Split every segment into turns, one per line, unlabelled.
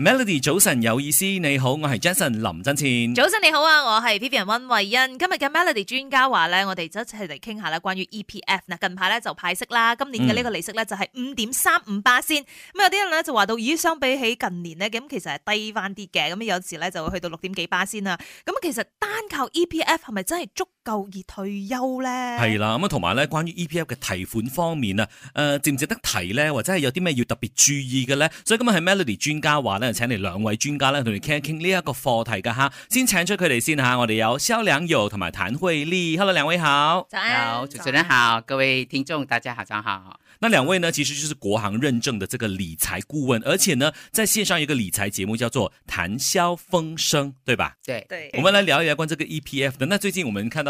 Melody 早晨有意思，你好，我係 Jason 林真倩。
早晨你好啊，我係 Vivian 溫慧欣。今日嘅 Melody 專家話咧，我哋就一齊嚟傾下咧，關於 E P F。嗱，近排咧就派息啦，今年嘅呢個利息咧就係五點三五巴仙。咁有啲人咧就話到，咦，相比起近年咧，咁其實係低翻啲嘅。咁有時咧就會去到六點幾巴仙啦。咁其實單靠 E P F 係咪真係足？夠熱退休咧，係
啦咁啊，同埋咧關於 E P F 嘅提款方面啊，誒、呃，值唔值得提咧，或者係有啲咩要特別注意嘅咧？所以今日係 Melody 專家話咧，請你兩位專家咧，同你傾一傾呢一個課題噶吓。先請出佢哋先吓，我哋有蕭良友同埋譚卉荔，hello 兩位好，Hello, 早安，主持人好，各位聽眾大家好，早上好。那兩位呢，其實就是國行認證的這個理財顧問，而且呢，在線上一個理財節目叫做談銷風生，對吧？對，
對，我們來聊
一聊一關這個 E P F 的。那最近我們看到。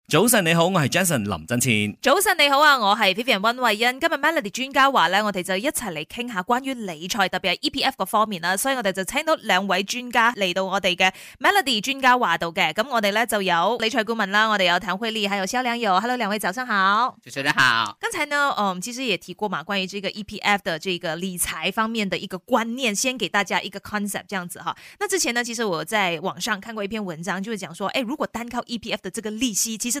早晨你好，我係 Jason 林振千。早
晨你好啊，我係 Vivian 溫慧欣。今日 Melody 專家話咧，我哋就一齊嚟傾下關於理財特別係 E P F 個方面啦，啊。所以我哋就請到兩位專家嚟到我哋嘅 Melody 專家話度嘅。咁我哋咧就有理財顧問啦，我哋有譚卉荔，還有蕭良友。Hello，兩位早上好。主持人好。剛才呢，嗯，其實也提過嘛，關於這個 E P F 的這個理財方面的一個觀念，先給大家一個 concept，這樣子哈。那之前呢，其實我在網上看過一篇文章，就會、是、講說，誒、欸，如果單靠 E P F 的這個利息，其實。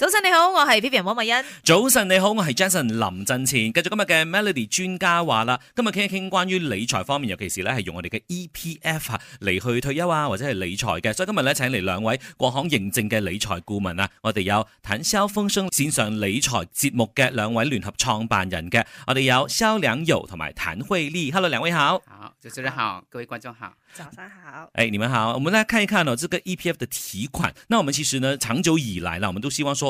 早晨你好，我係 P P R 黃美欣。
早晨你好，我係 Jason 林振前。繼續今日嘅 Melody 專家話啦，今日傾一傾關於理財方面，尤其是咧係用我哋嘅 E P F 啊嚟去退休啊，或者係理財嘅。所以今日咧請嚟兩位國行認證嘅理財顧問啊，我哋有譚蕭風生線上理財節目嘅兩位聯合創辦人嘅，我哋有蕭良友同埋譚卉荔。Hello，兩位好。好，主持人好，
好，各位觀眾好，早上
好。誒、hey，你們好，我們嚟看一看呢，這個 E P F 的提款。那我們其實呢，長久以來啦，我們都希望說。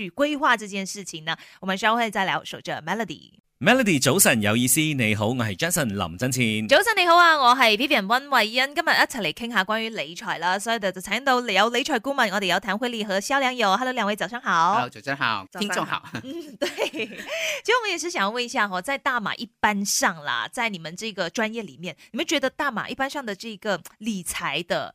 去規劃這件事情呢？我們稍後再聊。守着 Melody，Melody
早晨有意思，你好，我是 Jason 林真倩。
早晨你好啊，我係 Vivian 溫慧欣。今日一齊嚟傾下關於理財啦，所以就就請到有理財顧問，我哋有譚卉荔和蕭良友。Hello，兩位早上好。Hello，上好，好，早上好，聽眾好。嗯，對， 其實我也是想要問一下，在大馬一般上啦，在你們這個專業裏面，你們覺得大馬一般上的這個理財的，